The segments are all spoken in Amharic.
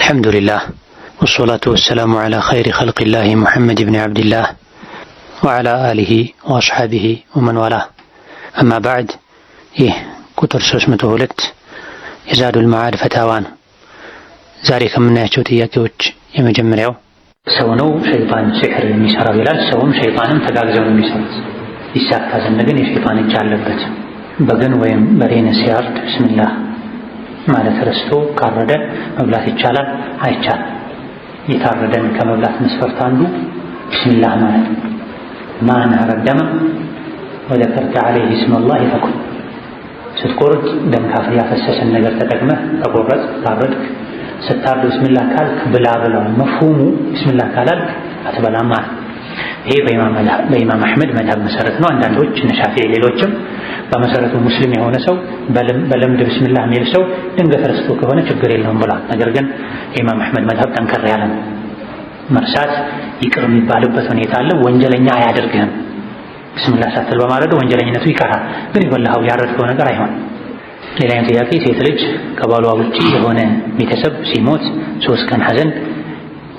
الحمد لله والصلاة والسلام على خير خلق الله محمد بن عبد الله وعلى آله وأصحابه ومن والاه أما بعد إيه كتر سوسمة هولت يزاد المعارف تاوان ذلك من يشوت يكوت يمجم ريو سونو شيطان سحر يميسر بلا سوم شيطان تقاق زون يميسر يساق تازن لقن شيطان يجعل لبت بغن وين برين سيارت بسم الله ማለት ረስቶ ካረደ መብላት ይቻላል አይቻልም። የታረደን ከመብላት መስፈርት አንዱ ቢስሚላህ ማለት ነው። ማን ረደመ ወደከርተ ዐለይሂ ስመላሂ ፈኩል ስትቆርጥ ደም ካፍያ ያፈሰሰን ነገር ተጠቅመህ ተቆረጥ ታረድክ ስታርድ ብስሚላህ ካልክ ብላ ብለው መፍሁሙ ብስሚላህ ካላልክ አትበላም ማለት ይሄ በኢማም አሕመድ መዳብ መሰረት ነው። አንዳንዶች እነ ሻፊዒ ሌሎችም በመሰረቱ ሙስሊም የሆነ ሰው በልምድ ብስሚላህ የሚል ሰው ድንገት ረስቶ ከሆነ ችግር የለውም ብሏል። ነገር ግን ኢማም አሕመድ መዝሀብ ጠንከር ያለ ነው። መርሳት ይቅር የሚባልበት ሁኔታ አለ። ወንጀለኛ አያደርግህም። ብስሚላህ ሳትል በማድረግ ወንጀለኝነቱ ይቀራል። ግን ይበላሃው ያረድከው ነገር አይሆን። ሌላኛው ጥያቄ ሴት ልጅ ከባሏ ውጪ የሆነ ቤተሰብ ሲሞት ሶስት ቀን ሀዘን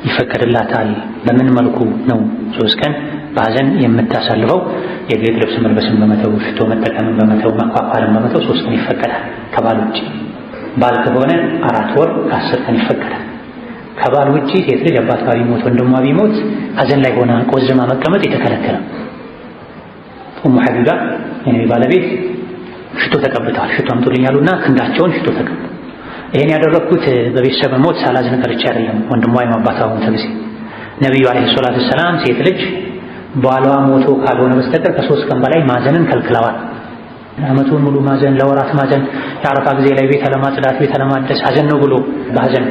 ይፈቀድላታል። በምን መልኩ ነው ሶስት ቀን በሐዘን የምታሳልፈው የጌጥ ልብስ መልበስን በመተው ሽቶ መጠቀምን በመተው መኳኳልን በመተው ሶስት ቀን ይፈቀዳል። ከባል ውጭ ባል ከሆነ አራት ወር ከአስር ቀን ይፈቀዳል። ከባል ውጭ ሴት ልጅ አባት ጋር ቢሞት ወንድሟ ቢሞት ሐዘን ላይ ሆና ቆዝማ መቀመጥ የተከለከለ። ኡሙ ሐቢባ የነቢ ባለቤት ሽቶ ተቀብተዋል። ሽቶ አምጡልኝ አሉና ክንዳቸውን ሽቶ ተቀብ ይህን ያደረግኩት በቤተሰብ ሞት ሳላዝን ቀርቼ አይደለም። ወንድሟ የማባታውን ተብሲ ነቢዩ አለይሂ ሰላቱ ሰላም ሴት ልጅ ባሏ ሞቶ ካልሆነ በስተቀር ከሶስት ቀን በላይ ማዘንን ከልክለዋል። አመቱን ሙሉ ማዘን፣ ለወራት ማዘን፣ የአረፋ ጊዜ ላይ ቤተ ለማጽዳት ቤተ ለማደስ ሀዘን ነው ብሎ በሀዘን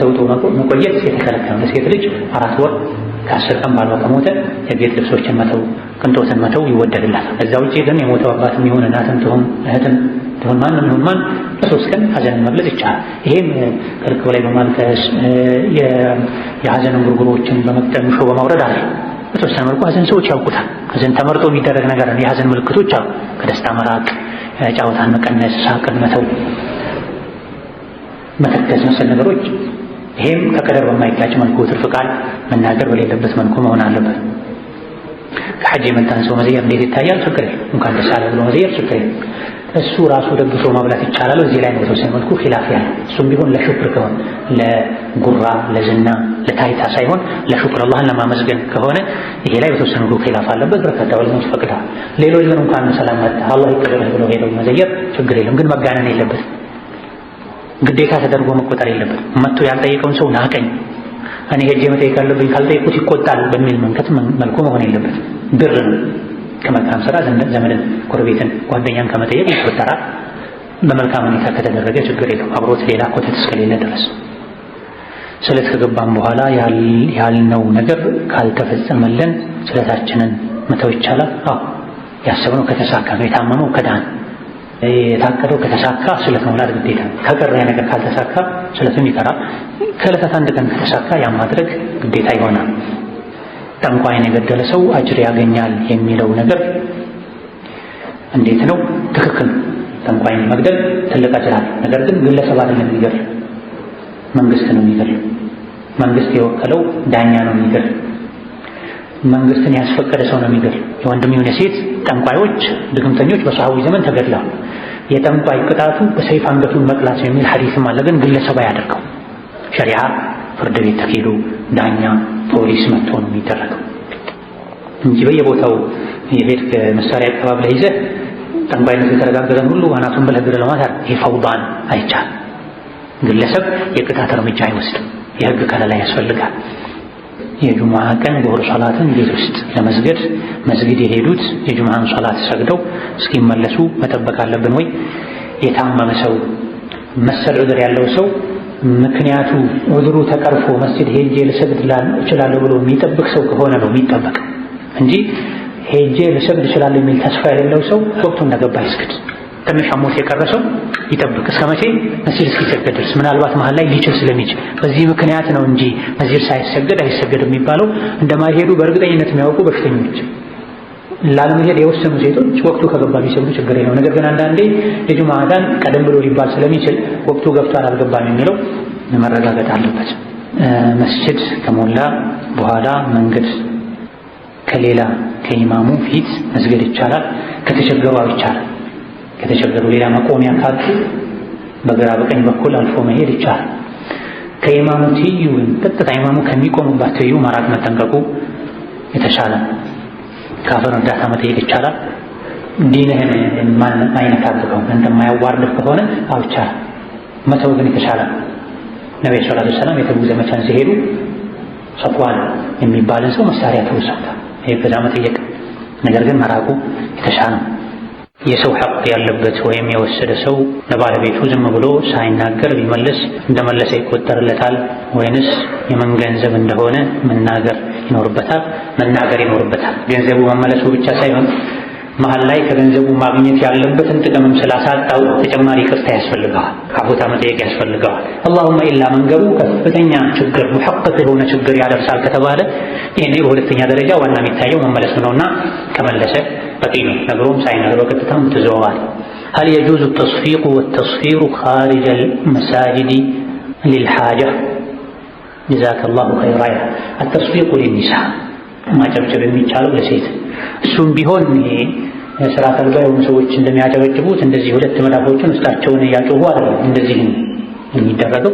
ተውጦ መቆየት የተከለከለ ነው። ለሴት ልጅ አራት ወር ከአስር ቀን ባሏ ከሞተ የቤት ልብሶችን መተው ቅንጦትን መተው ይወደድላታል። እዛ ውጪ ግን የሞተው አባትም ይሁን እናትም ትሁን እህትም ትሁን ማንም ይሁን ማን በሶስት ቀን ሀዘንን መግለጽ ይቻላል። ይሄም ከልክ በላይ በማልቀስ የሀዘንን ጉርጉሮችን በመቅጠም ሾ በማውረድ አለ በተወሰነ መልኩ ሀዘን ሰዎች ያውቁታል። ሀዘን ተመርጦ የሚደረግ ነገር ነው። የሀዘን ምልክቶች አሉ። ከደስታ መራቅ፣ ጨዋታን መቀነስ፣ ሳቅን መተው፣ መተከዝ መሰል ነገሮች። ይሄም ከቀደር በማይጋጭ መልኩ ትርፍ ቃል መናገር በሌለበት መልኩ መሆን አለበት። ከሐጅ የመጣን ሰው መዘየር እንዴት ይታያል? ችግር የለም። እንኳን ደስ አለ ብሎ መዘየር ችግር የለም። እሱ ራሱ ደግፎ ማብላት ይቻላል። እዚህ ላይ ነው የተወሰነ መልኩ ኺላፍ ያለ። እሱም ቢሆን ለሹክር ከሆነ ለጉራ ለዝና ለታይታ ሳይሆን ለሹክር አላህን ለማመስገን ከሆነ ይሄ ላይ በተወሰነ መልኩ ኺላፍ አለበት። በርካታ ዑለሞች ፈቅዳ ሌሎች ግን እንኳን ሰላም መጣ አላህ ይቀበልህ ብለው ሄደው መዘየር ችግር የለም። ግን መጋነን የለበት ግዴታ ተደርጎ መቆጠር የለበት መጥቶ ያልጠየቀውን ሰው ናቀኝ እኔ ሄጄ መጠየቅ አለብኝ ካልጠየቁት ይቆጣል በሚል መንከት መልኩ መሆን የለበት ብር ነው ከመልካም ስራ ዘመድን፣ ጎረቤትን፣ ጓደኛን ከመጠየቅ ይቆጠራል። በመልካም ሁኔታ ከተደረገ ችግር የለው አብሮት ሌላ ኮተት እስከሌለ ድረስ ስለት ከገባም በኋላ ያልነው ነገር ካልተፈጸመልን ስለታችንን መተው ይቻላል። አዎ ያሰብነው ከተሳካ ነው። የታመመው ከዳን፣ የታቀደው ከተሳካ ስለት መውላድ ግዴታ። ከቀረ ነገር ካልተሳካ ስለቱም ይቀራል። ከእለታት አንድ ቀን ከተሳካ ያን ማድረግ ግዴታ ይሆናል። ጠንቋይን የገደለ ሰው አጅር ያገኛል የሚለው ነገር እንዴት ነው? ትክክል ጠንቋይን መግደል ትልቅ አጅር አለ። ነገር ግን ግለሰብ አይደለም የሚገድል መንግስት ነው የሚገድል። መንግስት የወከለው ዳኛ ነው የሚገድል። መንግስትን ያስፈቀደ ሰው ነው የሚገድል። የወንድም የሆነ ሴት ጠንቋዮች፣ ድግምተኞች በሰሃዊ ዘመን ተገድለዋል። የጠንቋይ ቅጣቱ በሰይፍ አንገቱን መቅላት የሚል ሐዲስም አለ። ግን ግለሰብ አያደርገው። ሸሪዓ ፍርድ ቤት ተኪዶ ዳኛ ፖሊስ መጥቶ ነው የሚደረገው እንጂ በየቦታው የቤት መሳሪያ አቀባብለህ ይዘህ ጠንባይነት የተረጋገጠን ሁሉ አናቱን ብለህ ግደል ማለት ይሄ ፈውዳን አይቻልም። ግለሰብ የቅጣት እርምጃ አይወስድም። የህግ ከለላ ያስፈልጋል። የጁሙዓ ቀን ዙሁር ሶላትን ቤት ውስጥ ለመስገድ መስጊድ የሄዱት የጁሙዓን ሶላት ሰግደው እስኪመለሱ መጠበቅ አለብን ወይ? የታመመ ሰው መሰል ዑድር ያለው ሰው ምክንያቱ ዑዝሩ ተቀርፎ መስጂድ ሄጄ ልሰግድ እችላለሁ ብሎ የሚጠብቅ ሰው ከሆነ ነው የሚጠበቅ እንጂ ሄጄ ልሰግድ እችላለሁ የሚል ተስፋ የሌለው ሰው ወቅቱ እንደገባ ይስግድ። ትንሽ አሞት የቀረሰው ይጠብቅ። እስከ መቼ መስጂድ እስኪሰገድ ድረስ? ምናልባት መሀል ላይ ሊችል ስለሚችል በዚህ ምክንያት ነው እንጂ መስጂድ ሳይሰገድ አይሰገድም የሚባለው እንደማይሄዱ በእርግጠኝነት የሚያውቁ በሽተኞች ላለመሄድ የወሰኑ ሴቶች ወቅቱ ከገባ ቢሰግዱ ችግር የለው። ነገር ግን አንዳንዴ የጁማ አዛን ቀደም ብሎ ሊባል ስለሚችል ወቅቱ ገብቷል አልገባም የሚለው መረጋገጥ አለበት። መስጅድ ከሞላ በኋላ መንገድ ከሌላ ከኢማሙ ፊት መስገድ ይቻላል። ከተቸገሩ ይቻላል። ከተቸገሩ ሌላ መቆሚያ ካጡ በግራ በቀኝ በኩል አልፎ መሄድ ይቻላል። ከኢማሙ ትይዩ ግን ቀጥታ ኢማሙ ከሚቆሙባት ትይዩ መራቅ መጠንቀቁ የተሻለ ካፈር እርዳታ መጠየቅ ይቻላል። ዲንህን ማን አይነት አድርገው እንደማያዋርድህ ከሆነ አዎ ይቻላል። መተው ግን የተሻለ ነቢዩ ሰለላሁ ዐለይሂ ወሰለም የተቡክ ዘመቻን ሲሄዱ ሰፍዋን የሚባልን ሰው መሳሪያ ተውሳታ ይህ ከዛ መጠየቅ ነገር ግን መራቁ የተሻለ ነው። የሰው ሐቅ ያለበት ወይም የወሰደ ሰው ለባለቤቱ ዝም ብሎ ሳይናገር ቢመልስ እንደመለሰ ይቆጠርለታል ወይንስ የምን ገንዘብ እንደሆነ መናገር ይኖርበታል? መናገር ይኖርበታል። ገንዘቡ መመለሱ ብቻ ሳይሆን መሀል ላይ ከገንዘቡ ማግኘት ያለበትን ጥቅምም ስላሳጣው ተጨማሪ ቅርታ ያስፈልገዋል፣ አቦታ መጠየቅ ያስፈልገዋል። አላሁማ ኢላ መንገቡ ከፍተኛ ችግር ሙሐቅቅ የሆነ ችግር ያደርሳል ከተባለ ይህ በሁለተኛ ደረጃ ዋና የሚታየው መመለሱ ነውና ከመለሰ قتيل نقروم ساين نقروك تتم هل يجوز التصفيق والتصفير خارج المساجد للحاجة جزاك الله خير رأيه التصفيق للنساء ما تبتب من تشالو لسيت السن بهن سراة البيع ومسويتش عندما يعجب عند الزيه ولدت ملافوتش استعجون عند الزيه من يدرده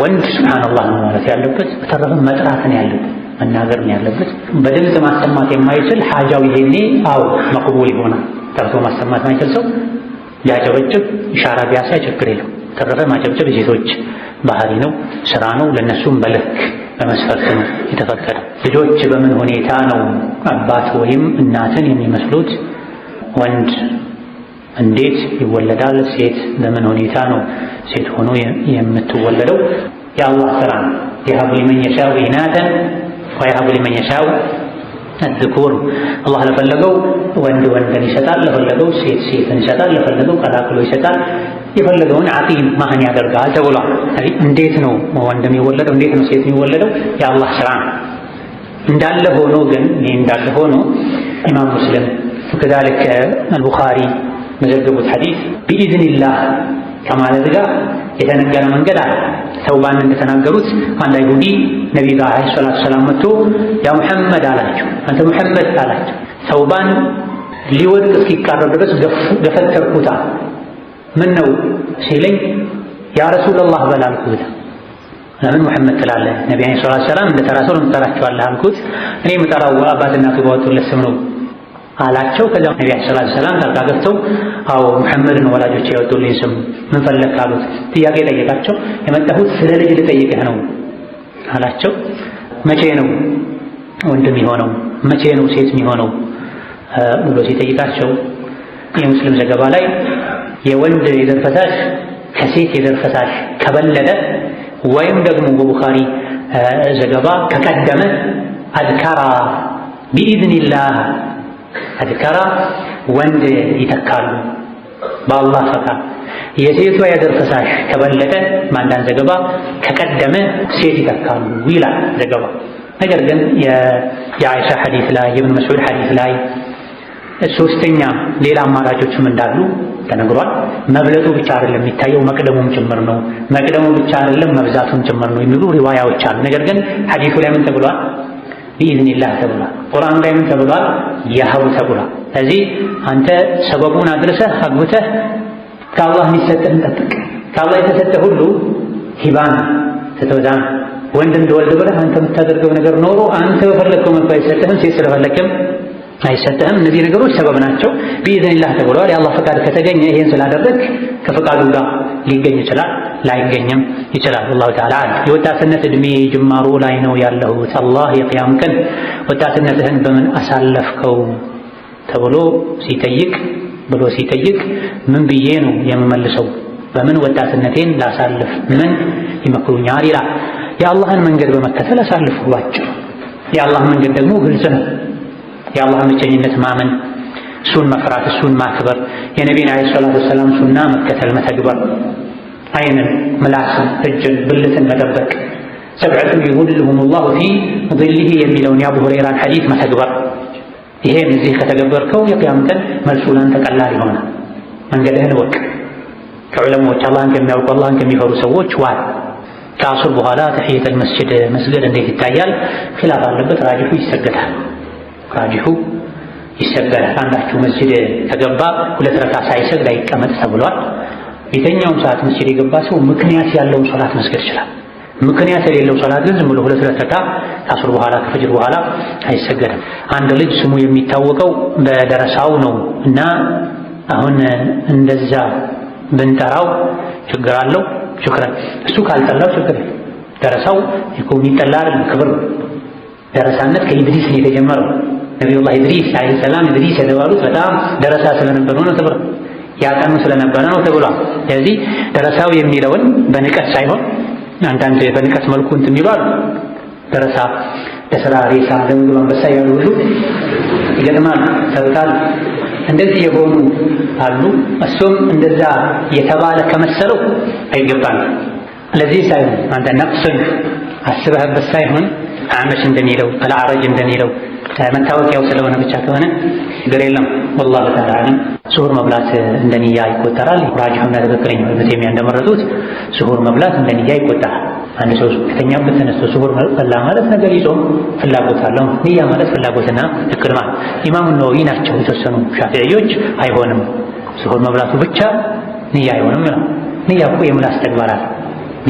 وانت سبحان الله المعرفة يعلبت ترغم ما ترغم መናገር ነው ያለበት። በድምፅ ማሰማት የማይችል ሐጃው ይሄኔ አው መቅቡል ይሆናል። ጠርቶ ማሰማት ማይችል ሰው ቢያጨበጭብ ኢሻራ ቢያሳይ ችግር የለው። ተረፈ ማጨብጨብ የሴቶች ባህሪ ነው፣ ስራ ነው። ለነሱም በልክ በመስፈርት ነው የተፈቀደ። ልጆች በምን ሁኔታ ነው አባት ወይም እናትን የሚመስሉት? ወንድ እንዴት ይወለዳል? ሴት በምን ሁኔታ ነው ሴት ሆኖ የምትወለደው? የአላህ ስራ ነው። የሀብሊ መን የሻው ኢናተን ወየሀቡ ሊመን የሻው አዝኩር አላህ ለፈለገው ወንድ ወንድን ይሰጣል፣ ለፈለገው ሴት ሴትን ይሰጣል፣ ለፈለገው ቀላቅሎ ይሰጣል። የፈለገውን አቂም ማህን ያደርጋል ተብሏል። እንዴት ነው ወንድ የሚወለደው? እንዴት ነው ሴት የሚወለደው? የአላህ ስራ ነው። እንዳለ ሆኖ ግን ይህ እንዳለ ሆኖ ኢማም ሙስሊም ከዛልክ አልቡኻሪ መዘገቡት ሐዲስ ቢኢዝኒላህ ከማለት ጋር የተነገረ መንገድ አለ። ሰው ተውባን እንደተናገሩት አንድ አይሁዲ ነቢ ጋር አለይሂ ሰላቱ ሰላም መጥቶ ያ ሙሐመድ አላቸው፣ አንተ ሙሐመድ አላቸው። ተውባን ሊወድቅ እስኪቃረብ ድረስ ገፈተርኩታ ምን ነው ሲለኝ ያ ረሱለላህ በላልኩት። ለምን ሙሐመድ ትላለህ? ነቢ አለይሂ ሰላቱ ሰላም እንደ ተራ ሰው ለምን ትጠራቸዋለህ አልኩት። እኔ የምጠራው አባትና አባቴ ባወጡለት ስም ነው አላቸው። ከዚያ ነቢያት ሰለላሁ ዐለይሂ ወሰለም ጣልቃ ገብተው አዎ ሙሐመድን ወላጆች ያወጡልኝ ስም ምን ፈለክ አሉት። ጥያቄ ጠየቃቸው። የመጣሁት ስለ ልጅ ልጠይቅህ ነው አላቸው። መቼ ነው ወንድም የሆነው መቼ ነው ሴት የሚሆነው ብሎ ሲጠይቃቸው የሙስሊም ዘገባ ላይ የወንድ የዘር ፈሳሽ ከሴት የዘር ፈሳሽ ከበለጠ ወይም ደግሞ በቡኻሪ ዘገባ ከቀደመ አድካራ ቢኢዝኒላህ አድካራ ወንድ ይተካሉ በአላህ ፈቃድ። የሴቷ የደም ፈሳሽ ከበለጠ በአንዳንድ ዘገባ ከቀደመ ሴት ይተካሉ ይላል ዘገባ። ነገር ግን የአይሻ ሐዲስ ላይ የብን መስዑድ ሐዲስ ላይ ሶስተኛ ሌላ አማራጮችም እንዳሉ ተነግሯል። መብለጡ ብቻ አይደለም የሚታየው መቅደሙም ጭምር ነው። መቅደሙ ብቻ አይደለም መብዛቱም ጭምር ነው የሚሉ ሪዋያዎች አሉ። ነገር ግን ሐዲሱ ላይ ምን ተብሏል? ቢኢዝኒላህ ተብሏል። ቁርአን ምን ተብሏል፣ ያህው ተብሏል። ስለዚህ አንተ ሰበቡን አድርሰህ አግብተህ ከአላህ የሚሰጥህን ጠብቅ። ከአላህ የተሰጠ ሁሉ ሂባን ስትበዛም ወንድ እንደወልድ ብለህ አንተ የምታደርገው ነገር ኖሮ አንተ በፈለግከው መልኩ አይሰጥህም፣ ሴት ስለፈለግክም አይሰጥህም። እነዚህ ነገሮች ሰበብ ናቸው። ቢኢዝኒላህ ተብሏል። የአላህ ፈቃድ ከተገኘ ይሄን ስላደረግ ከፈቃዱ ጋር ሊገኝ ይችላል። ላይገኝም ይችላል። አላሁ ተዓላ አለ። የወጣትነት እድሜ ጅማሮ ላይ ነው ያለሁት። አላህ የቅያም ቀን ወጣትነትህን በምን አሳለፍከው ተብሎ ሲጠይቅ ብሎ ሲጠይቅ ምን ብዬ ነው የምመልሰው? በምን ወጣትነቴን ላሳልፍ? ምን ይመክሩኛል? ይላል። የአላህን መንገድ በመከተል አሳልፉ። ባጭሩ የአላህ መንገድ ደግሞ ግልጽ ነው። የአላህን ብቸኝነት ማመን እሱን መፍራት፣ እሱን ማክበር፣ የነቢን ዓለይሂ ሰላቱ ወሰላም ሱና መከተል መተግበር አይንን፣ ምላስን፣ እጅን፣ ብልትን መጠበቅ ሰብዐቱን ይዙልሁም ላሁ ፊ ዚልህ የሚለውን የአቡ ሁረይራን ሐዲስ መተግበር። ይሄን እዚህ ከተገበርከው የቅያም ቀን መልሱ ላንተ ቀላል ይሆናል። መንገድህን ወቅ ከዑለሞች አላህን ከሚያውቁ አላህን ከሚፈሩ ሰዎች ዋል። ከአሱር በኋላ ተሒየተል መስጅድ መስገድ እንዴት ይታያል? ኺላፍ አለበት። ራጅሑ ይሰገዳል። ራጅሑ ይሰገዳል። አንዳችሁ መስጅድ ከገባ ሁለት ረካ ሳይሰግድ አይቀመጥ ተብሏል። የተኛውን ሰዓት መስጂድ የገባ ሰው ምክንያት ያለውን ሶላት መስገድ ይችላል። ምክንያት የሌለው ሶላት ግን ዝም ብሎ ሁለት ሁለት ረካ በኋላ ከፈጅር በኋላ አይሰገድም። አንድ ልጅ ስሙ የሚታወቀው በደረሳው ነው እና አሁን እንደዛ ብንጠራው ችግር አለው? ሽክረን እሱ ካልጠላው ችግር ደረሳው ይኮን ይጠላል። ክብር ደረሳነት ከኢድሪስ ነው የተጀመረው። ነቢዩላህ ኢድሪስ አለይሂ ሰላም ኢድሪስ የተባሉት በጣም ደረሳ ስለነበረ ነው ክብር ያጠኑ ስለነበረ ነው ተብሏል። ስለዚህ ደረሳው የሚለውን በንቀት ሳይሆን አንዳንድ በንቀት መልኩ እንትን የሚሉ አሉ። ደረሳ ለስራ ሬሳ፣ ለምግብ አንበሳ ያሉ ሁሉ ይገጥማሉ፣ ሰብታሉ እንደዚህ የሆኑ አሉ። እሱም እንደዛ የተባለ ከመሰለው አይገባም። ለዚህ ሳይሆን አንተ ነፍስህ አስበህበት ሳይሆን አመሽ እንደሚለው አልዓረጅ እንደሚለው መታወቂያው ስለሆነ ብቻ ከሆነ ግር የለም። ወላሁ ተዓላ አዕለም። ስሁር መብላት እንደ ንያ ይቆጠራል። ራጅሑና ትክክለኛው ኢብኑ ተይሚያ እንደመረጡት ስሁር መብላት እንደ ንያ ይቆጠራል። አንድ ሰው ከተኛበት ተነስቶ ስሁር በላ ማለት ነገር ይጾም ፍላጎት አለው። ንያ ማለት ፍላጎትና እቅድ ማለት። ኢማሙ ነወዊ ናቸው የተወሰኑ ሻፊዕዮች አይሆንም፣ ስሁር መብላቱ ብቻ ንያ አይሆንም። ንያ እኮ የምላስ ተግባር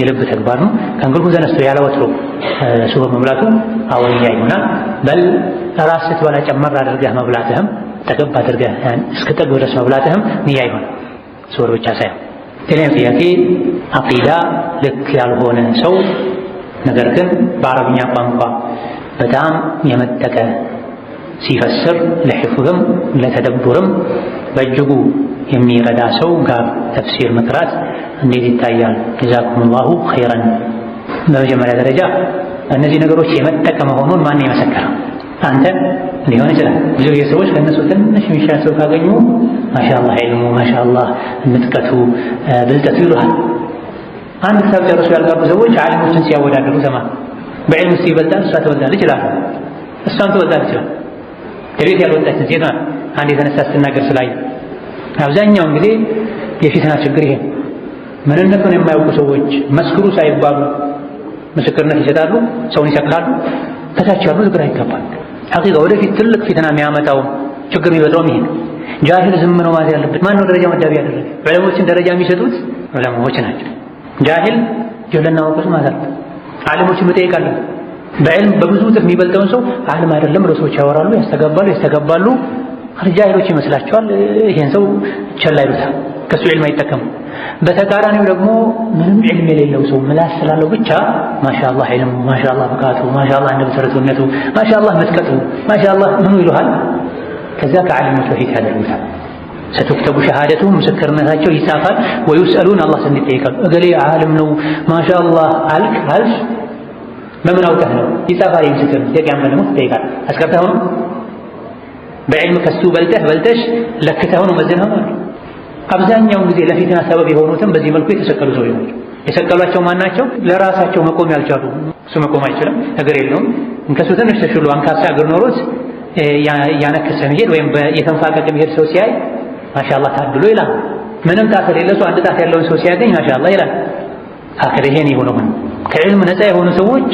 የልብ ተግባር ነው። ከእንቅልፉ ተነስቶ ያለወትሮ ወትሮ መብላቱ አወያ ይሆናል። በል ራስ ስትበላ ጨመር አድርገህ መብላትህም ጠገብ አድርገህ እስክጠግብ ድረስ መብላትህም ንያ ይሆናል። ሱሁር ብቻ ሳይሆን ሌላም ጥያቄ አቂዳ ልክ ያልሆነ ሰው ነገር ግን በአረብኛ ቋንቋ በጣም የመጠቀ ሲፈስር ለሕፍዝም ለተደቡርም በእጅጉ የሚረዳ ሰው ጋር ተፍሲር መቅራት እንዴት ይታያል? ጀዛኩሙላሁ ኸይረን። በመጀመሪያ ደረጃ እነዚህ ነገሮች የመጠቀም መሆኑን ማን የመሰከረው? አንተ ሊሆን ይችላል። ብዙ ጊዜ ሰዎች ከእነሱ ትንሽ የሚሻል ሰው ካገኙ ማሻአላህ ዒልሙ፣ ማሻአላህ ምጥቀቱ፣ ብልጠቱ ይሉሃል። አንድ ክታብ ጨርሶ ያልጋቡ ሰዎች ዓሊሞችን ሲያወዳደሩ ሰማ በዕልም ውስጥ ይበልጣል፣ እሷ ትበልጣለች ይላሉ። እሷም ትበልጣለች ይላል። ከቤት ያልወጣች ዜና አንድ የተነሳ ስትናገር ስላየ አብዛኛውን ጊዜ የፊትና ችግር ይሄ ነው። ምንነቱን የማያውቁ ሰዎች መስክሩ ሳይባሉ ምስክርነት ይሰጣሉ፣ ሰውን ይሰክራሉ። ከታች ያሉ ዝግራ ይገባል። ሐቂቃ ወደፊት ትልቅ ፊትና የሚያመጣው ችግር የሚፈጥረውም ይሄ ጃሂል ዝም ነው ማለት ያለበት። ማነው ደረጃ መዳቢ ያደረገ? ዑለሞችን ደረጃ የሚሰጡት ዑለማዎች ናቸው። ጃሂል ጀለና ወቁስ ማለት ዓለሞችን መጠየቅ አለ። በዕልም በብዙ እጥፍ የሚበልጠውን ሰው ዓለም አይደለም ብሎ ሰዎች ያወራሉ፣ ያስተጋባሉ፣ ያስተጋባሉ። ጃሂሎች ይመስላቸዋል። ይሄን ሰው ቸላ ይሉታል። ከሱ ዕልም አይጠቀሙ በተቃራኒው ደግሞ ምንም ዕልም የሌለው ሰው ምላስ ስላለው ብቻ ማሻአላህ ዕልሙ፣ ማሻአላህ ብቃቱ፣ ማሻአላህ እንደመሰረቱነቱ፣ ማሻአላህ መስቀጡ ማሻአላህ ምኑ ይሉሃል። ከዛ ከዓሊሞች በፊት ያደርጉታል። ሰትክተቡ ሸሃደቱ ምስክርነታቸው ይጻፋል። ወይስአሉን አላህ ዘንድ ይጠይቃሉ። እገሌ ዓለም ነው ማሻአላህ አልክ አልፍ በምን አውቀህ ነው ይጻፋል። ምስክር የቂያማ ደግሞ ትጠይቃል። አስቀርተኸው ነው በዕልም ከሱ በልጠህ በልጠሽ ለክተኸው ነው መዝነኸው ነው አብዛኛውን ጊዜ ለፊትና ሰበብ የሆኑትም በዚህ መልኩ የተሰቀሉ ሰው ይሆኑ የሰቀሏቸው ማናቸው? ለራሳቸው መቆም ያልቻሉ እሱ መቆም አይችልም፣ ነገር የለውም። እንከሱ ትንሽ ተሽሎ አንካሳ እግር ኖሮት ያነከሰ መሄድ ወይም የተንፋቀቀ መሄድ ሰው ሲያይ ማሻአላህ ታድሎ ይላል። ምንም ጣት የሌለ ሰው አንድ ጣት ያለውን ሰው ሲያገኝ ማሻአላህ ይላል። አከለ ይሄን የሆነው ከዕልም ነፃ የሆኑ ሰዎች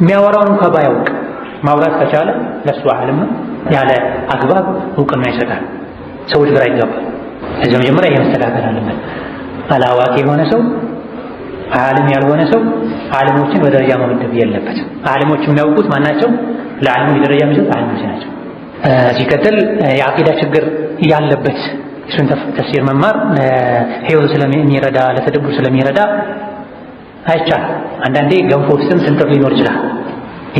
የሚያወራውን እንኳ ባያውቅ ማውራት ከቻለ ለሱ ዓለም ያለ አግባብ እውቅና ይሰጣል። ሰዎች ግራ ይገባል። እዚህ መጀመሪያ ይሄ መስተካከል አለበት። አላዋቂ የሆነ ሰው ዓለም ያልሆነ ሰው ዓለሞችን በደረጃ መመደብ የለበትም። ዓለሞች የሚያውቁት ማናቸው? ለዓለሞች ደረጃ የሚሰጥ ዓለሞች ናቸው። ሲቀጥል የአቂዳ ችግር ያለበት እሱን ተፍሲር መማር ህይወት ስለሚረዳ ለተደቡር ስለሚረዳ አይቻል አንዳንዴ ገንፎ ውስጥም ስንጥር ሊኖር ይችላል።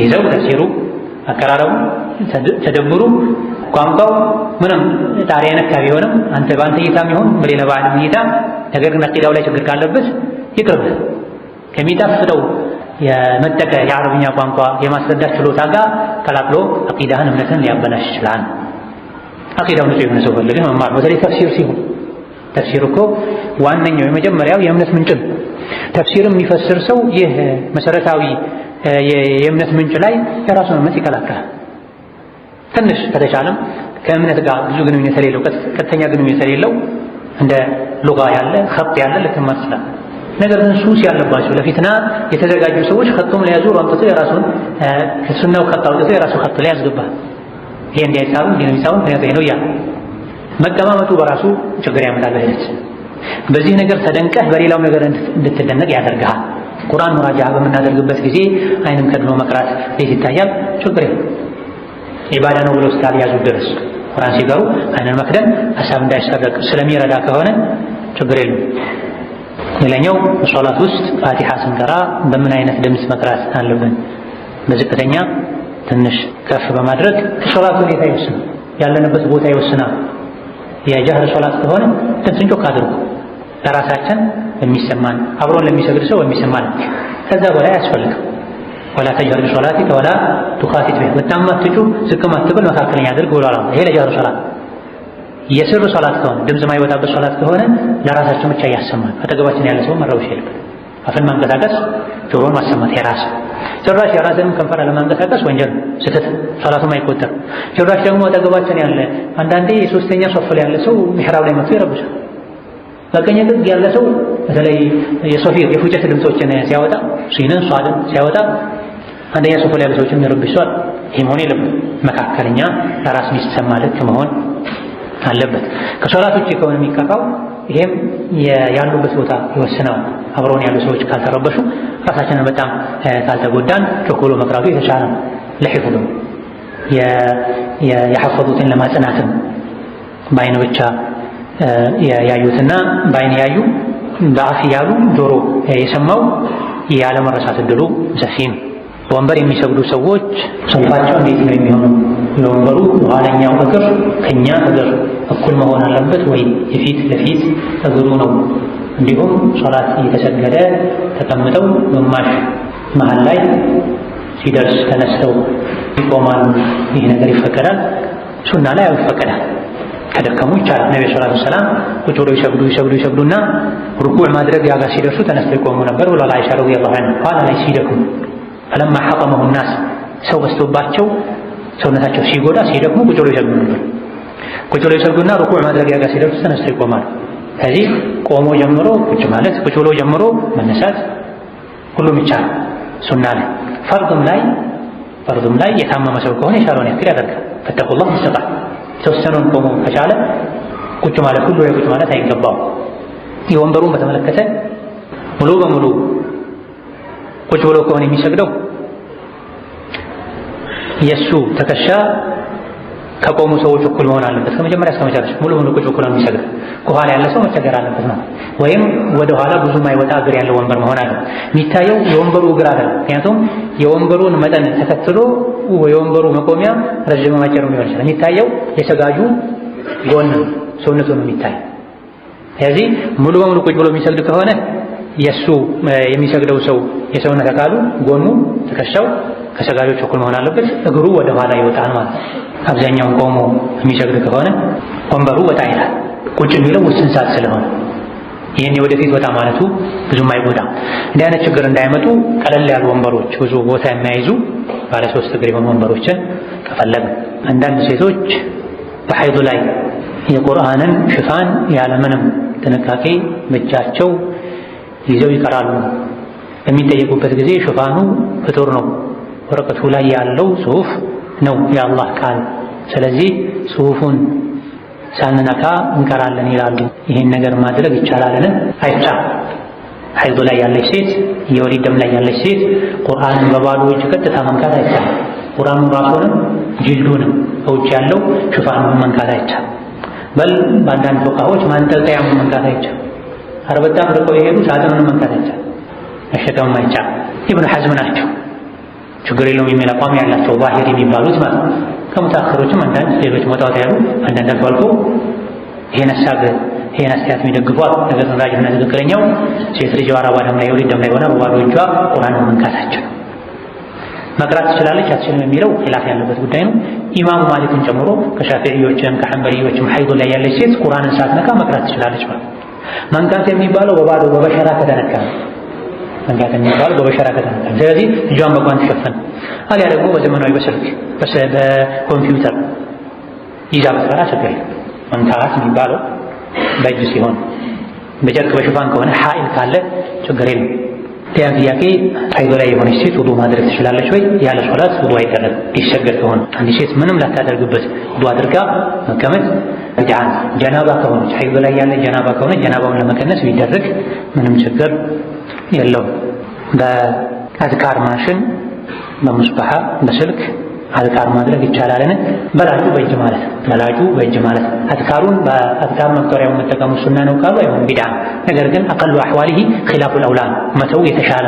ይዘው ተፍሲሩ አቀራረቡ ተደብሩ ቋንቋው ምንም ጣሪያ የነካ ቢሆንም አንተ በአንተ እይታም የሚሆን በሌላ በዓለም እይታ ነገር ግን አቂዳው ላይ ችግር ካለበት ይቅርብ ከሚጣፍጠው የመጠቀ የአረብኛ ቋንቋ የማስረዳት ችሎታ ጋር ቀላቅሎ አቂዳህን እምነትን ሊያበላሽ ይችላል። አቂዳው ንጹህ የሆነ ሰው ፈልገህ መማር፣ በተለይ ተፍሲር ሲሆን ተፍሲር እኮ ዋነኛው የመጀመሪያው የእምነት ምንጭ ነው። ተፍሲር የሚፈስር ሰው ይህ መሰረታዊ የእምነት ምንጭ ላይ የራሱን እምነት ይከላከላል። ትንሽ ከተቻለም ከእምነት ጋር ብዙ ግንኙነት የሌለው ቀጥተኛ ግንኙነት የሌለው እንደ ሉጋ ያለ ኸጥ ያለ ልትማር ይችላል። ነገር ግን ሱስ ያለባቸው ለፊትና የተዘጋጁ ሰዎች ኸጡም ለያዙ አምጥቶ የራሱን ከሱናው ኸጥ አውጥቶ የራሱ ኸጥ ላይ ያስገባል። ይሄ እንዲያይሳብ እንዲነሳው ምክንያት ነው እያለ መቀማመጡ በራሱ ችግር ያመጣል። በዚህ ነገር ተደንቀህ በሌላው ነገር እንድትደነቅ ያደርግሃል። ቁርአን ሙራጃ በምናደርግበት ጊዜ አይንም ከድኖ መቅራት ቤት ይታያል። ችግር ኢባዳ ነው ብለው እስካልያዙ ድረስ ቁርአን ሲገሩ አይንን መክደን ሀሳብ እንዳይሰረቅ ስለሚረዳ ከሆነ ችግር የለም። ሌላኛው በሶላት ውስጥ ፋቲሓ ስንቀራ በምን አይነት ድምፅ መቅራት አለብን? በዝቅተኛ ትንሽ ከፍ በማድረግ ሶላት ሁኔታ ይወስናል፣ ያለንበት ቦታ ይወስናል። የጀህር ሶላት ከሆነ ድምፅን ጮክ አድርጉ፣ ለራሳችን የሚሰማን አብሮን ለሚሰግድ ሰው የሚሰማን ከዛ በላይ አያስፈልግም። ወላ ተጅሀር ቢሶላቲከ ወላ ቱኻፊት ቢሃ በጣም አትጩህ ዝቅም አትበል መካከለኛ አድርግ ብሏል። ይሄ ለጀህር ሶላት። የስር ሶላት ከሆነ ድምፅ የማይወጣበት ሶላት ከሆነ ለራሳችን ብቻ እያሰማን አጠገባችን ያለ ሰው መራውሽ የለብን። አፍን ማንቀሳቀስ፣ ጆሮን ማሰማት የራስ ጭራሽ የራስንም ከንፈር አለማንቀሳቀስ ወንጀል ስተት፣ ሶላቱም አይቆጠር። ጭራሽ ደግሞ አጠገባችን ያለ አንዳንዴ የሶስተኛ ሶፍ ላይ ያለ ሰው ሚሕራብ ላይ መጥቶ ይረብሻል። በቀኝ ጥግ ያለ ሰው በተለይ የሶፊር የፉጨት ድምፆችን ሲያወጣ ሲነ ሷድን ሲያወጣ አንደኛ ሱፍ ላይ ያሉ ሰዎችን ይረብሻል። ይሄ መሆን የለበት። መካከለኛ ለራስ የሚሰማ ልክ መሆን አለበት። ከሶላት ውጪ ከሆነ የሚቀጣው ይሄም ያሉበት ቦታ ይወስነዋል። አብረውን ያሉ ሰዎች ካልተረበሹ፣ ራሳችንን በጣም ካልተጎዳን ቾኮሎ መቅራቱ የተሻለ ነው። ለሂፍዱ የሐፈዙትን ለማጽናትም በአይን ብቻ ያዩትና በአይን ያዩ በአፍ ያሉ ጆሮ የሰማው ያለመረሳት እድሉ ሰፊ ነው። በወንበር የሚሰግዱ ሰዎች ሰልፋቸው እንዴት ነው የሚሆነው? ለወንበሩ የኋለኛው እግር ከኛ እግር እኩል መሆን አለበት ወይ የፊት ለፊት እግሩ ነው? እንዲሁም ሶላት እየተሰገደ ተቀምጠው ግማሽ መሃል ላይ ሲደርስ ተነስተው ይቆማሉ። ይህ ነገር ይፈቀዳል? ሱና ላይ አይፈቀዳል። ከደከሙ ይቻላል። ነቢ ሰለላሁ ሰላም ቁጭ ይሰግዱ ይሰግዱ ይሰግዱና ሩኩዕ ማድረግ ያጋ ሲደርሱ ተነስተው ይቆሙ ነበር ብሏል። አይሻ ረዲየላሁ ዐንሃ ኋላ ላይ ሲደክሙ ፈለማ ሐጠመሁ ናስ ሰው በዝቶባቸው ሰውነታቸው ሲጎዳ ሲደክሙ ቁጭ ብለው ይሰግዱ ነበር። ቁጭ ብለው ይሰግዱና ሩኩዕ ማድረጊያ ጋር ሲደርሱ ተነስተው ይቆማሉ። ከዚህ ቆሞ ጀምሮ ቁጭ ማለት ቁጭ ብሎ ጀምሮ መነሳት ሁሉም ይቻላል። ሱና ላይ ፈርዱም ላይ ፈርዱም ላይ የታመመ ሰው ከሆነ የቻለውን ያክል ያደርጋል። ፈተቁላህ ይሰጣል። የተወሰነውን ቆሞ ከቻለ ቁጭ ማለት ሁሉ ላይ ቁጭ ማለት አይገባው። የወንበሩን በተመለከተ ሙሉ በሙሉ ቁጭ ብሎ ከሆነ የሚሰግደው የእሱ ትከሻ ከቆሙ ሰዎች እኩል መሆን አለበት። ከመጀመሪያ እስከ መጨረሻ ሙሉ ሙሉ ቁጭ ብሎ የሚሰግደው። ከኋላ ያለ ሰው መቸገር አለበት ነው ወይም ወደ ኋላ ብዙ ማይወጣ እግር ያለው ወንበር መሆን አለበት። የሚታየው የወንበሩ እግር አለ። ምክንያቱም የወንበሩን መጠን ተከትሎ የወንበሩ መቆሚያ ረዥም ማጨሩ ሊሆን ይችላል። የሚታየው የሰጋጁ ጎን ሰውነቱ ነው የሚታይ። ስለዚህ ሙሉ በሙሉ ቁጭ ብሎ የሚሰግድ ከሆነ የእሱ የሚሰግደው ሰው የሰውነት አካሉ ጎኑ፣ ትከሻው ከሰጋጆች እኩል መሆን አለበት። እግሩ ወደ ኋላ ይወጣል ማለት አብዛኛውን ቆሞ የሚሰግድ ከሆነ ወንበሩ ወጣ ይላል። ቁጭ የሚለው ውስን ሰዓት ስለሆነ ይህን ወደፊት ወጣ ማለቱ ብዙም አይጎዳም። እንዲህ አይነት ችግር እንዳይመጡ ቀለል ያሉ ወንበሮች ብዙ ቦታ የሚያይዙ ባለ ሶስት እግር የሆኑ ወንበሮችን ከፈለግን አንዳንድ ሴቶች በሐይዱ ላይ የቁርአንን ሽፋን ያለምንም ጥንቃቄ ብቻቸው ይዘው ይቀራሉ። በሚጠየቁበት ጊዜ ሽፋኑ ፍጡር ነው፣ ወረቀቱ ላይ ያለው ጽሑፍ ነው የአላህ ቃል። ስለዚህ ጽሑፉን ሳንነካ እንቀራለን ይላሉ። ይህን ነገር ማድረግ ይቻላልን? አይቻ ሐይድ ላይ ያለች ሴት፣ የወሊድ ደም ላይ ያለች ሴት ቁርአንን በባዶ እጅ ቀጥታ መንካት አይቻልም። ቁርአኑን ራሱንም ጅልዱንም ከውጭ ያለው ሽፋኑን መንካት አይቻልም። በል በአንዳንድ ፎቃዎች ማንጠልጠያም መንካት አይቻልም። አርበጣም ርቆ የሄዱ ሳጥኑን መንካት አይቻል መሸከም አይቻል ኢብኑ ሐዝም ናቸው ችግር የለውም የሚል አቋም ያላቸው ባህር የሚባሉት ማለት ነው። ከሙታአኸሮችም አንዳንድ ሌሎች መጣወት ያሉ አንዳንድ አልፎ አልፎ ይሄን ሐሳብ ይሄን አስተያየት የሚደግፉ ነገር ተራጅና ትክክለኛው ሴት ልጅ አራባ ደም ላይ ወሊድ ደም ላይ ሆነ በባዶ እጇ ቁርአን መንካታቸው መቅራት ትችላለች አትችልም የሚለው ኺላፍ ያለበት ጉዳይ ነው። ኢማሙ ማሊክን ጨምሮ ከሻፊዒዎችም ከሐንበሊዎችም ሐይድ ላይ ያለች ሴት ቁርአንን ሳትነካ መቅራት ትችላለች ማለት መንካት የሚባለው በባዶ በበሸራ ከተነካ መንካት የሚባለው በበሸራ ከተነካ ስለዚህ እጇን በጓንት ትሸፈን አሊያ ደግሞ በዘመናዊ በስልክ በኮምፒውተር ይዛ ብትበላ ችግር መንካት የሚባለው በእጅ ሲሆን በጨርቅ በሽፋን ከሆነ ሀይል ካለ ችግር የለም ያ ጥያቄ ሀይዶ ላይ የሆነች ሴት ውዱ ማድረግ ትችላለች ወይ? ያለ ሶላት ውዱ አይደረግም። ይሰገድ ከሆነ አንድ ሴት ምንም ላታደርግበት ውዱ አድርጋ መቀመጥ ጃን ጀናባ ከሆነች ሐይድ ላይ ያለ ጀናባ ከሆነ ጀናባውን ለመቀነስ ቢደረግ ምንም ችግር የለውም። በአዝካር ማሽን፣ በሙስበሃ፣ በስልክ አዝካር ማድረግ ይቻላልን? በላጩ በእጅ ማለት በላጩ በእጅ ማለት አዝካሩን በአዝካር መቁጠሪያው መጠቀሙ ሱና ነው ካሉ አይሆን ቢዳ። ነገር ግን አቀሉ አሕዋሊሂ ኺላፉል አውላ መተው የተሻለ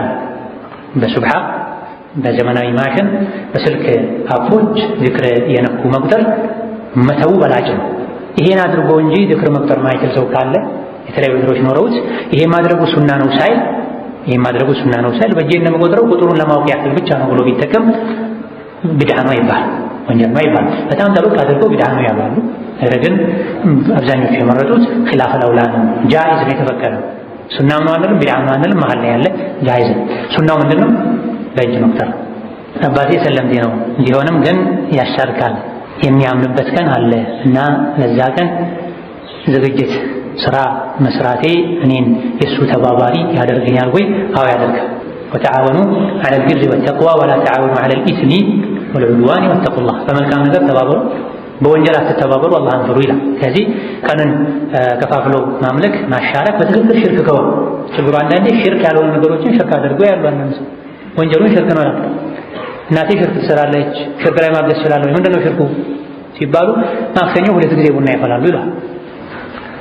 በሱብሃ በዘመናዊ ማሽን በስልክ አፎች ዝክር የነኩ መቁጠር መተው በላጭ ነው። ይሄን አድርጎ እንጂ ዝክር መቁጠር ማይችል ሰው ካለ የተለያዩ ነገሮች ኖረውት ይሄ ማድረጉ ሱና ነው ሳይል ይሄ ማድረጉ ሱና ነው ሳይል በእጄ እንደምቆጥረው ቁጥሩን ለማወቅ ያክል ብቻ ነው ብሎ ቢጠቀም ቢድዓ ነው ይባል ወንጀል ነው ይባል። በጣም ጠበቅ አድርገው ቢድዓ ነው ያባሉ። ነገር ግን አብዛኞቹ የመረጡት ኺላፍ አውላ ነው፣ ጃኢዝ ነው የተፈቀደው። ሱናም ነው አንልም፣ ቢድዓም ነው አንልም፣ መሃል ላይ ያለ ጃኢዝ ነው። ሱናው ምንድነው? በእጅ መቁጠር አባቴ ሰለምቴ ነው ቢሆንም ግን ያሻርካል የሚያምንበት ቀን አለ እና ለዛ ቀን ዝግጅት ስራ መስራቴ እኔን የእሱ ተባባሪ ያደርገኛል ወይ? አዎ ያደርጋል። ወተዓወኑ ዐለል ቢሪ ወተቅዋ ወላ ተዓወኑ ዐለል ኢስሚ ወልዑድዋኒ ወተቁላህ። በመልካም ነገር ተባበሩ፣ በወንጀል አትተባበሩ፣ አላህን ፍሩ ይላል። ስለዚህ ቀንን ከፋፍሎ ማምለክ ማሻረክ በትክክል ሽርክ ከሆነ ችግሩ አንዳንዴ ሽርክ ያልሆኑ ነገሮችን ሽርክ አድርጎ ያሉ አንዳንድ ሰው ወንጀሉን ሽርክ ነው ያሉ እናቴ ሽርክ ትሰራለች፣ ሽርክ ላይ ማገዝ እችላለሁ፣ ምንድን ነው ሽርኩ ሲባሉ ማክሰኞ ሁለት ጊዜ ቡና ያፈላሉ ይላል፣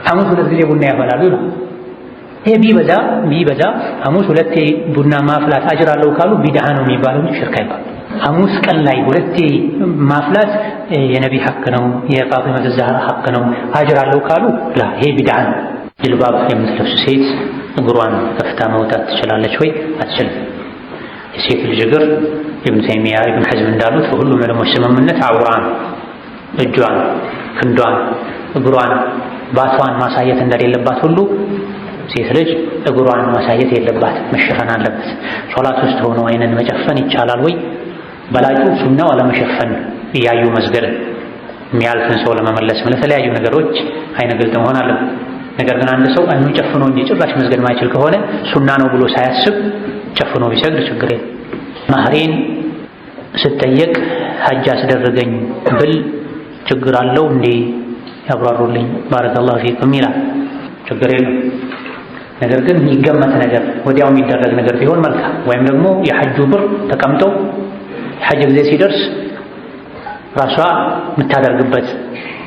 ሐሙስ ሁለት ጊዜ ቡና ያፈላሉ ይላል። ይሄ ቢበዛ ቢበዛ ሐሙስ ሁለቴ ቡና ማፍላት አጅር አለው ካሉ ቢድዓ ነው የሚባለው እንጂ ሽርክ አይባልም። ሐሙስ ቀን ላይ ሁለቴ ማፍላት የነቢ ሐቅ ነው፣ የፋጢማ ዘህራ ሐቅ ነው፣ አጅር አለው ካሉ ላ ይሄ ቢድዓ ነው። ጅልባብ የምትለብስ ሴት እግሯን ከፍታ መውጣት ትችላለች ወይ? አትችልም። የሴት ልጅ እግር ኢብን ተይሚያ ኢብን ሐዝም እንዳሉት በሁሉም ዑለሞች ስምምነት አውራን፣ እጇን፣ ክንዷን፣ እግሯን፣ ባቷን ማሳየት እንደሌለባት ሁሉ ሴት ልጅ እግሯን ማሳየት የለባት መሸፈን አለበት። ሶላት ውስጥ ሆኖ አይንን መጨፈን ይቻላል ወይ? በላጩ ሱናው አለመሸፈን እያዩ መስገድ የሚያልፍን ሰው ለመመለስ ለተለያዩ ነገሮች አይነ ግልጥ መሆን አለበት። ነገር ግን አንድ ሰው አይኑን ጨፍኖ እንጂ ጭራሽ መስገድ ማይችል ከሆነ ሱና ነው ብሎ ሳያስብ ጨፍኖ ቢሰግድ ችግር የለም። ማህሬን ስጠየቅ ሀጅ አስደረገኝ ብል ችግር አለው እንዴ? ያብራሩልኝ። ባረከላሁ ፊኩም ይላል። ችግር የለም። ነገር ግን የሚገመት ነገር ወዲያው የሚደረግ ነገር ቢሆን መልካም፣ ወይም ደግሞ የሐጁ ብር ተቀምጠው የሐጅ ጊዜ ሲደርስ ራሷ የምታደርግበት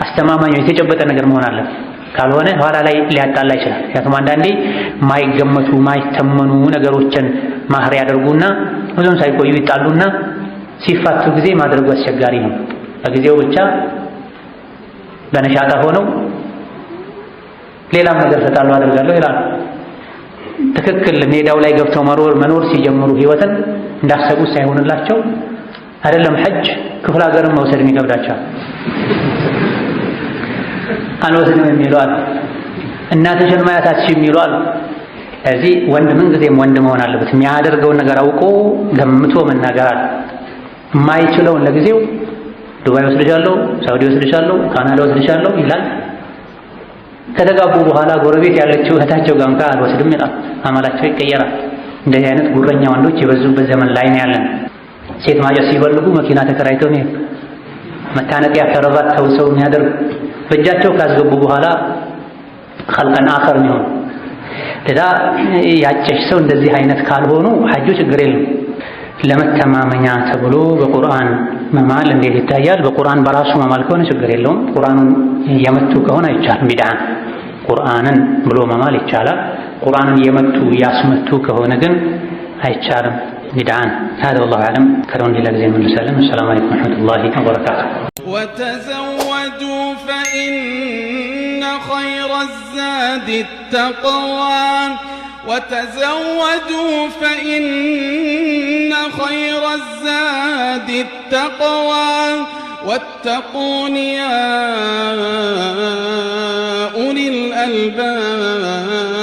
አስተማማኝ የተጨበጠ ነገር መሆን አለበት። ካልሆነ ኋላ ላይ ሊያጣላ ይችላል። ምክንያቱም አንዳንዴ ማይገመቱ ማይተመኑ ነገሮችን ማህሪ ያደርጉና ብዙም ሳይቆዩ ይጣሉና ሲፋቱ ጊዜ ማድረጉ አስቸጋሪ ነው። በጊዜው ብቻ በነሻጣ ሆነው ሌላም ነገር ተጣሉ አደርጋለሁ ይላሉ። ትክክል ሜዳው ላይ ገብተው መኖር መኖር ሲጀምሩ ህይወትን እንዳሰቡት ሳይሆንላቸው አይደለም ሐጅ ክፍለ ሀገርም መውሰድ ይከብዳቸዋል። አልወስድም የሚሉ አሉ። እናትሽን ማየት አትችይም የሚሉ አሉ። እዚህ ወንድ ምንጊዜም ወንድ መሆን አለበት። የሚያደርገውን ነገር አውቆ ገምቶ መናገር አለ። የማይችለውን ለጊዜው ዱባይ ወስድሻለሁ፣ ሳውዲ ወስድሻለሁ፣ ካናዳ ወስድሻለሁ ይላል። ከተጋቡ በኋላ ጎረቤት ያለችው እህታቸው ጋር እንኳ አልወስድም ይላል። አማላቸው ይቀየራል። እንደዚህ አይነት ጉረኛ ወንዶች የበዙበት ዘመን ላይ ነው ያለን። ሴት ማጨት ሲፈልጉ መኪና ተከራይተው ነው መታነቂያ ከረባት ተውሰው የሚያደርጉ በእጃቸው ካስገቡ በኋላ ኸልቀን አኸር የሚሆኑ ለዛ ያጨሽ ሰው እንደዚህ አይነት ካልሆኑ ሐጁ ችግር የለም። ለመተማመኛ ተብሎ በቁርአን መማል እንዴት ይታያል? በቁርአን በራሱ መማል ከሆነ ችግር የለውም። ቁርአኑን እየመቱ ከሆነ አይቻልም። ቢድዓ ቁርአንን ብሎ መማል ይቻላል። ቁርአንን እየመቱ እያስመቱ ከሆነ ግን አይቻልም። بدعان هذا والله أعلم كرون إلى زين من سلم السلام عليكم ورحمة الله وبركاته وتزودوا فإن خير الزاد التقوى وتزودوا فإن خير الزاد التقوى واتقون يا أولي الألباب